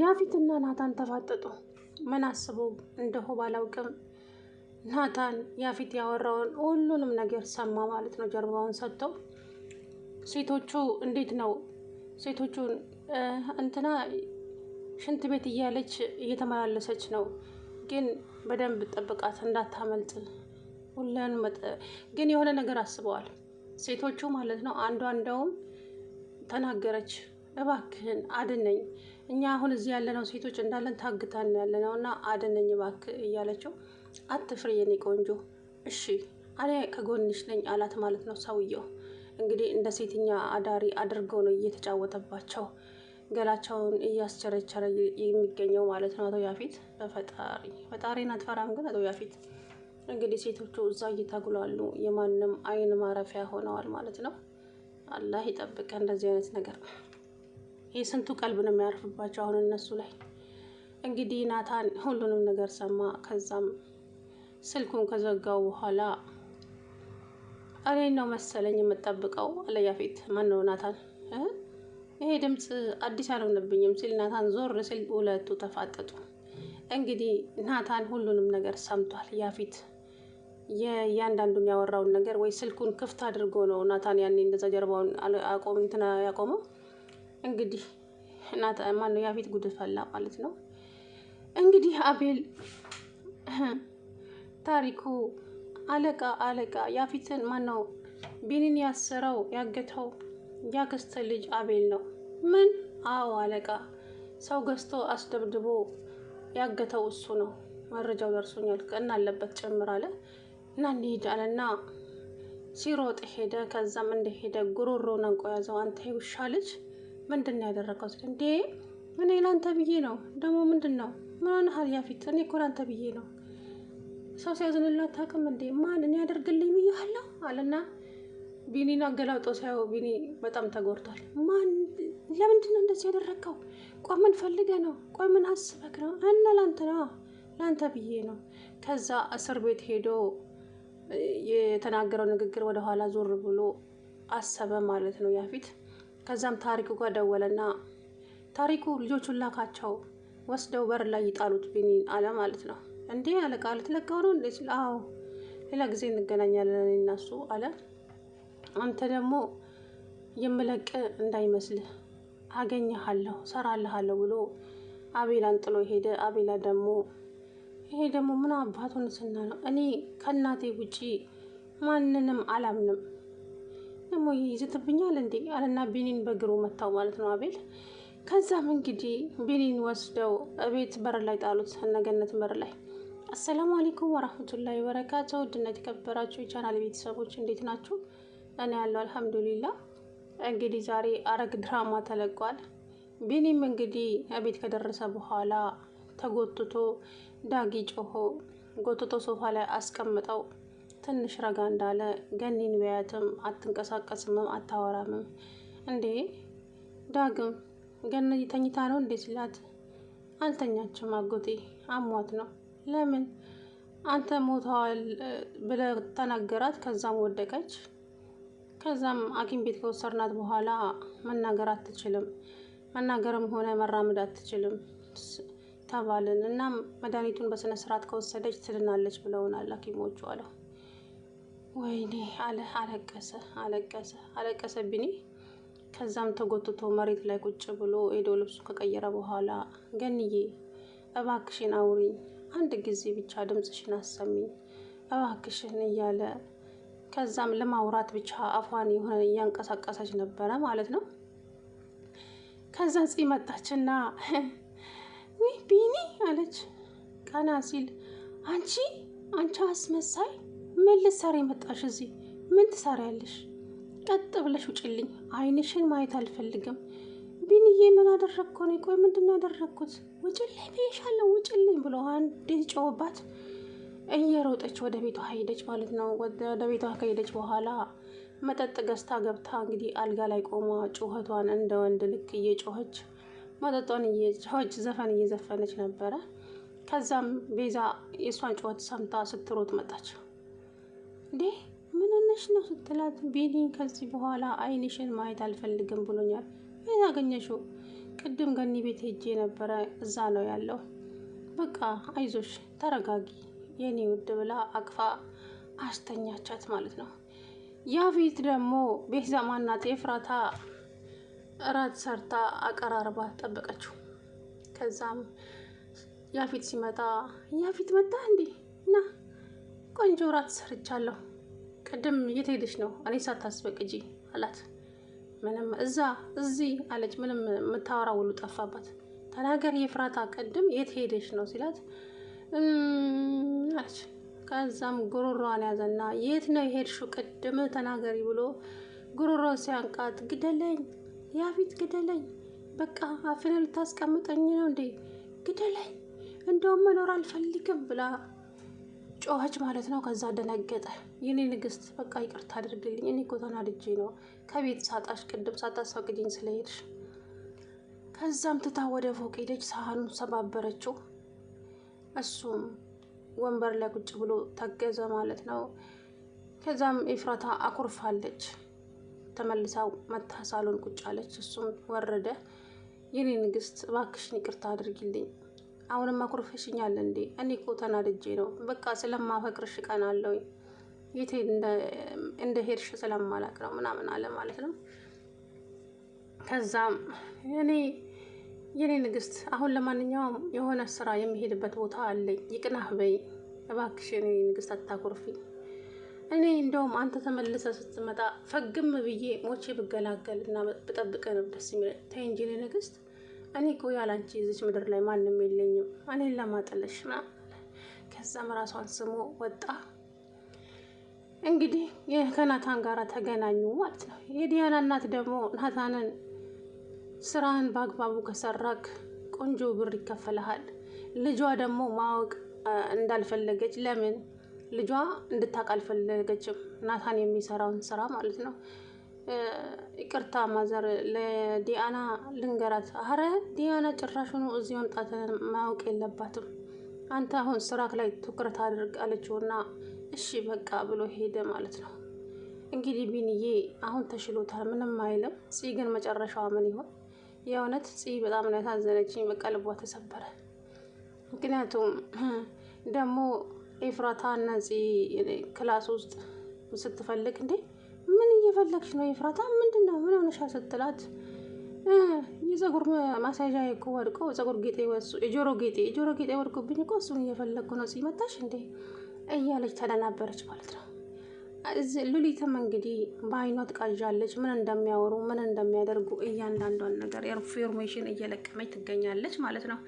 ያፌትና ናታን ተፋጠጡ። ምን አስበው እንደሆ ባላውቅም ናታን ያፌት ያወራውን ሁሉንም ነገር ሰማ ማለት ነው። ጀርባውን ሰጥተው ሴቶቹ እንዴት ነው ሴቶቹን እንትና ሽንት ቤት እያለች እየተመላለሰች ነው፣ ግን በደንብ ጠብቃት እንዳታመልጥ። ሁለን ግን የሆነ ነገር አስበዋል ሴቶቹ ማለት ነው። አንዷ እንደውም ተናገረች እባክህን አድነኝ፣ እኛ አሁን እዚህ ያለነው ሴቶች እንዳለን ታግታን ያለነው እና አድነኝ እባክህ እያለችው፣ አትፍሪ የኔ ቆንጆ እሺ እኔ ከጎንሽ ነኝ አላት ማለት ነው። ሰውየው እንግዲህ እንደ ሴትኛ አዳሪ አድርገው ነው እየተጫወተባቸው ገላቸውን እያስቸረቸረ የሚገኘው ማለት ነው። አቶ ያፌት በፈጣሪ ፈጣሪን አትፈራም ግን አቶ ያፌት እንግዲህ ሴቶቹ እዛ እየታጉላሉ የማንም አይን ማረፊያ ሆነዋል ማለት ነው። አላህ ይጠብቀ እንደዚህ አይነት ነገር የስንቱ ቀልብ ነው የሚያርፍባቸው አሁን እነሱ ላይ። እንግዲህ ናታን ሁሉንም ነገር ሰማ። ከዛም ስልኩን ከዘጋው በኋላ እኔን ነው መሰለኝ የምጠብቀው አለ ያፌት። ማን ነው ናታን? ይሄ ድምፅ አዲስ አልሆነብኝም ሲል ናታን ዞር ሲል ሁለቱ ተፋጠጡ። እንግዲህ ናታን ሁሉንም ነገር ሰምቷል። ያፌት የእያንዳንዱን ያወራውን ነገር ወይ ስልኩን ክፍት አድርጎ ነው ናታን ያኔ እንደዛ ጀርባውን አቆም እንትና ያቆመው እንግዲህ እናት ማነው ያፌት ጉድ ፈላ ማለት ነው። እንግዲህ አቤል ታሪኩ አለቃ አለቃ ያፌትን ማነው ቢኒን ያሰረው ያገተው ያክስት ልጅ አቤል ነው። ምን? አዎ አለቃ ሰው ገዝቶ አስደብድቦ ያገተው እሱ ነው። መረጃው ደርሶኛል እና አለበት ጭምር አለ እና እንሂድ አለና ሲሮጥ ሄደ። ከዛም እንደሄደ ጉሮሮውን አንቆ ያዘው። አንተ ውሻ ልጅ ምንድን ነው ያደረገው? ስለ እንዴ እኔ ላንተ ብዬ ነው ደግሞ ምንድን ነው ምን ሀል ያፊት እኔ እኮ ላንተ ብዬ ነው ሰው ሲያዝንላት ታቅም እንዴ ማን እኔ ያደርግልኝ ብያለሁ አለና ቢኒን አገላብጦ ሳየው ቢኒ በጣም ተጎድቷል። ማን ለምንድን ነው እንደዚህ ያደረግከው? ቆይ ምን ፈልገ ነው? ቆይ ምን ነው? እና ላንተ ነው ላንተ ብዬ ነው። ከዛ እስር ቤት ሄዶ የተናገረው ንግግር ወደኋላ ዞር ብሎ አሰበ ማለት ነው ያፊት ከዛም ታሪኩ ጋር ደወለና ታሪኩ ልጆቹን ላካቸው ወስደው በር ላይ ይጣሉት ቢኒን አለ ማለት ነው። እንዴ አለ ቃል ልትለቀው ነው እንዴ? አዎ ሌላ ጊዜ እንገናኛለን እናሱ አለ። አንተ ደግሞ የምለቅ እንዳይመስልህ አገኘሃለሁ፣ ሰራልሃለሁ ብሎ አቤላን ጥሎ ሄደ። አቤላ ደግሞ ይሄ ደግሞ ምን አባቱን ስና ነው እኔ ከእናቴ ውጪ ማንንም አላምንም ደግሞ ይይዝትብኛል እንዴ አለና ቢኒን በግሩ መታው ማለት ነው አቤል። ከዛም እንግዲህ ቢኒን ወስደው ቤት በር ላይ ጣሉት፣ እነገነት በር ላይ። አሰላሙ አለይኩም ወራህመቱላሂ ወበረካቱ። ውድነት የከበራችሁ የቻናል ቤተሰቦች እንዴት ናችሁ? እኔ ያለው አልሐምዱሊላ። እንግዲህ ዛሬ አረግ ድራማ ተለቋል። ቢኒም እንግዲህ ቤት ከደረሰ በኋላ ተጎትቶ ዳጊ ጮሆ ጎትቶ ሶፋ ላይ አስቀምጠው ትንሽ ረጋ እንዳለ ገኒን ቢያያትም አትንቀሳቀስምም፣ አታወራምም። እንዴ ዳግም ገነ ተኝታ ነው እንዴ ሲላት አልተኛችም አጎቴ አሟት ነው። ለምን አንተ ሞተዋል ብለ ተናገራት። ከዛም ወደቀች። ከዛም ሐኪም ቤት ከወሰድናት በኋላ መናገር አትችልም፣ መናገርም ሆነ መራመድ አትችልም ተባልን። እናም መድኃኒቱን በስነ ስርዓት ከወሰደች ትድናለች ብለውናል ሐኪሞቹ አለው። ወይኔ አለ። አለቀሰ አለቀሰ አለቀሰ ቢኒ። ከዛም ተጎትቶ መሬት ላይ ቁጭ ብሎ ሄዶ ልብሱ ከቀየረ በኋላ ገንዬ እባክሽን አውሪኝ፣ አንድ ጊዜ ብቻ ድምፅሽን አሰሚኝ እባክሽን እያለ ከዛም ለማውራት ብቻ አፏን የሆነ እያንቀሳቀሰች ነበረ ማለት ነው። ከዛ ጽ መጣችና ቢኒ አለች። ቀና ሲል አንቺ አንቺ አስመሳይ ምን ልትሰሪ መጣሽ እዚህ? ምን ትሰሪያለሽ? ቀጥ ብለሽ ውጭልኝ። አይንሽን ማየት አልፈልግም። ቢንዬ ምን አደረግኩ እኔ? ቆይ ምንድን ያደረግኩት? ውጭልኝ ብዬሻለሁ፣ ውጭልኝ ብሎ አንዴ ጮባት እየሮጠች ወደ ቤቷ ሄደች ማለት ነው። ወደ ቤቷ ከሄደች በኋላ መጠጥ ገዝታ ገብታ እንግዲህ አልጋ ላይ ቆማ ጩኸቷን እንደ ወንድ ልክ እየጮኸች መጠጧን እየጮኸች ዘፈን እየዘፈነች ነበረ። ከዛም ቤዛ የእሷን ጩኸት ሰምታ ስትሮጥ መጣች። እንዴ ምን ሆነሽ ነው ስትላት፣ ቤሊን ከዚህ በኋላ አይንሽን ማየት አልፈልግም ብሎኛል። የት አገኘሽው? ቅድም ገኒ ቤት ሄጄ ነበረ፣ እዛ ነው ያለው። በቃ አይዞሽ፣ ተረጋጊ የኔ ውድ ብላ አቅፋ አስተኛቻት ማለት ነው። ቤት ደግሞ ቤዛማና ማናት ኤፍራታ እራት ሰርታ አቀራርባ ጠበቀችው። ከዛም ያፊት ሲመጣ ያፊት መጣ እንዴ ና ቆንጆ እራት ሰርቻለሁ። ቅድም የት ሄደሽ ነው እኔ ሳታስበቅጂ አላት። ምንም እዛ እዚህ አለች። ምንም የምታወራ ውሉ ጠፋባት። ተናገር የፍራታ ቅድም የት ሄደሽ ነው ሲላት አለች። ከዛም ጉሮሯን ያዘና የት ነው የሄድሽው ቅድም ተናገሪ ብሎ ጉሮሮን ሲያንቃት ግደለኝ፣ ያፊት ግደለኝ፣ በቃ አፍን ልታስቀምጠኝ ነው እንዴ? ግደለኝ፣ እንደውም መኖር አልፈልግም ብላ ጮኸች ማለት ነው። ከዛ ደነገጠ። የኔ ንግስት፣ በቃ ይቅርታ አድርግልኝ፣ እኔ እኮ ተናድጄ ነው ከቤት ሳጣሽ፣ ቅድም ሳታስፈቅጂኝ ስለሄድሽ። ከዛም ትታ ወደ ፎቅ ሄደች፣ ሳህኑን ሰባበረችው። እሱም ወንበር ላይ ቁጭ ብሎ ተገዘ ማለት ነው። ከዛም ኤፍራታ አኩርፋለች። ተመልሳ መታ ሳሎን ቁጭ አለች። እሱም ወረደ። የኔ ንግስት፣ እባክሽን ይቅርታ አድርጊልኝ አሁንም አኩርፈሽኛል እንዴ? እኔ እኮ ተናድጄ ነው። በቃ ስለማፈቅርሽ ቀን አለውኝ የት እንደ ሄድሽ ስለማላቅ ነው ምናምን አለ ማለት ነው። ከዛም እኔ የኔ ንግስት፣ አሁን ለማንኛውም የሆነ ስራ የሚሄድበት ቦታ አለኝ፣ ይቅናህ በይ እባክሽ። የኔ ንግስት አታኩርፊ። እኔ እንደውም አንተ ተመልሰ ስትመጣ ፈግም ብዬ ሞቼ ብገላገል እና ብጠብቅ ነው ደስ የሚለኝ። ተይ እንጂ የኔ ንግስት እኔ እኮ ያላንቺ እዚች ምድር ላይ ማንም የለኝም እኔን ለማጠለሽ ምናምን ከዛም ራሷን ስሞ ወጣ። እንግዲህ ከናታን ጋር ተገናኙ ማለት ነው። የዲያና እናት ደግሞ ናታንን ስራህን በአግባቡ ከሰራክ ቆንጆ ብር ይከፈልሃል። ልጇ ደግሞ ማወቅ እንዳልፈለገች ለምን ልጇ እንድታውቅ አልፈለገችም? ናታን የሚሰራውን ስራ ማለት ነው። ይቅርታ ማዘር ለዲያና ልንገራት። አረ ዲያና ጭራሹኑ እዚህ መምጣትን ማወቅ የለባትም አንተ አሁን ስራክ ላይ ትኩረት አድርግ አለችውና እሺ በቃ ብሎ ሄደ ማለት ነው። እንግዲህ ቢንዬ አሁን ተሽሎታል፣ ምንም አይልም። ፅ ግን መጨረሻዋ ምን ይሆን? የእውነት ፅ በጣም ነው ያሳዘነችኝ። በቃ ልቧ ተሰበረ። ምክንያቱም ደግሞ ኤፍራታ እና ፅ ክላስ ውስጥ ስትፈልግ እንዴ ምን እየፈለግሽ ነው ይፍራታ? ምንድን ነው ምን ሆነሻ? ስትላት የጸጉር ማሳዣ እኮ ወድቆ ጸጉር ጌጤ ወሱ የጆሮ ጌጤ የጆሮ ጌጤ ወድቆብኝ እኮ እሱን እየፈለግኩ ነው ሲመጣሽ እንዴ እያለች ተደናበረች ማለት ነው። ሉሊትም እንግዲህ በአይኗ ትቃዣለች። ምን እንደሚያወሩ ምን እንደሚያደርጉ እያንዳንዷን ነገር ኢንፎርሜሽን እየለቀመች ትገኛለች ማለት ነው።